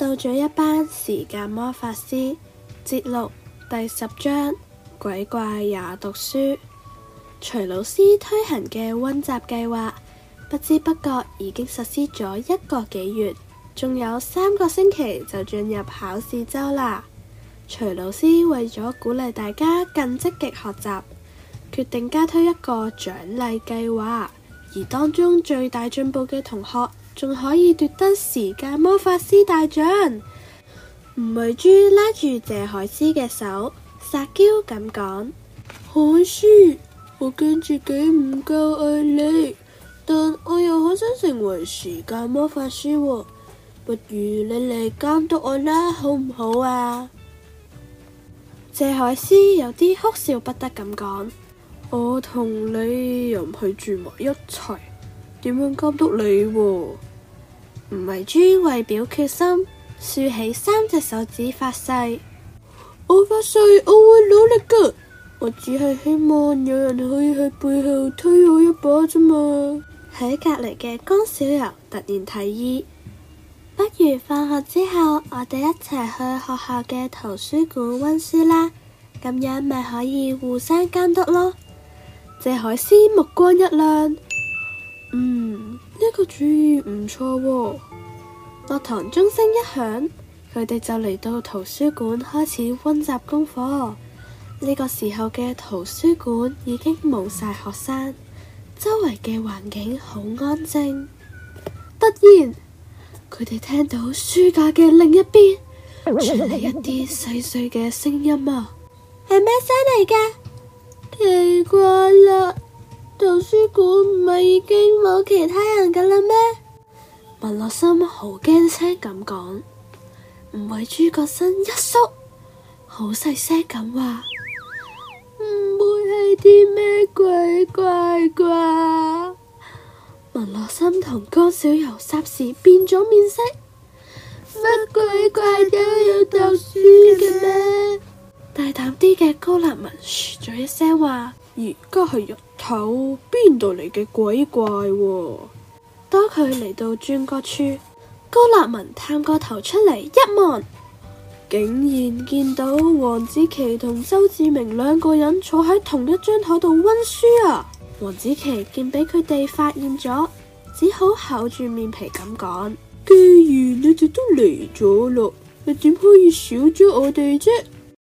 鬥嘴一班時間魔法師，節錄第十章《鬼怪也讀書》。徐老師推行嘅溫習計劃，不知不覺已經實施咗一個幾月，仲有三個星期就進入考試周啦。徐老師為咗鼓勵大家更積極學習，決定加推一個獎勵計劃。而當中最大進步嘅同學，仲可以奪得時間魔法師大獎。吳慧珠拉住謝海詩嘅手，撒嬌咁講：海詩，我驚自己唔夠愛你，但我又好想成為時間魔法師。不如你嚟監督我啦，好唔好啊？謝海詩有啲哭笑不得咁講。我同你又唔係住埋一齊，點樣監督你？唔係專為表決心，豎起三隻手指發誓。我發誓我會努力噶。我只係希望有人可以喺背後推我一把啫嘛。喺隔籬嘅江小柔突然提議：不如放學之後，我哋一齊去學校嘅圖書館温書啦。咁樣咪可以互相監督咯。謝海詩目光一亮，嗯，呢個主意唔錯喎。落堂鐘聲一響，佢哋就嚟到圖書館開始溫習功課。呢個時候嘅圖書館已經冇晒學生，周圍嘅環境好安靜。突然，佢哋聽到書架嘅另一邊傳嚟一啲細碎嘅聲音啊，係咩聲嚟噶？奇怪啦，圖書館唔係已經冇其他人噶啦咩？文樂心好驚聲咁講，唔會。諸葛新一縮好細聲咁話，唔會係啲咩鬼怪啩？文樂心同江小柔霎時變咗面色，乜鬼怪都要讀書嘅咩？ 大膽啲嘅高立文。佢一聲話，而家係日頭，邊度嚟嘅鬼怪啊？當佢嚟到轉角處，高立文探個頭出嚟，一望，竟然見到王子琪同周志明兩個人坐喺同一張台度温書啊！王子琪見俾佢哋發現咗，只好厚住面皮咁講：既然你哋都嚟咗咯，你點可以少咗我哋啫？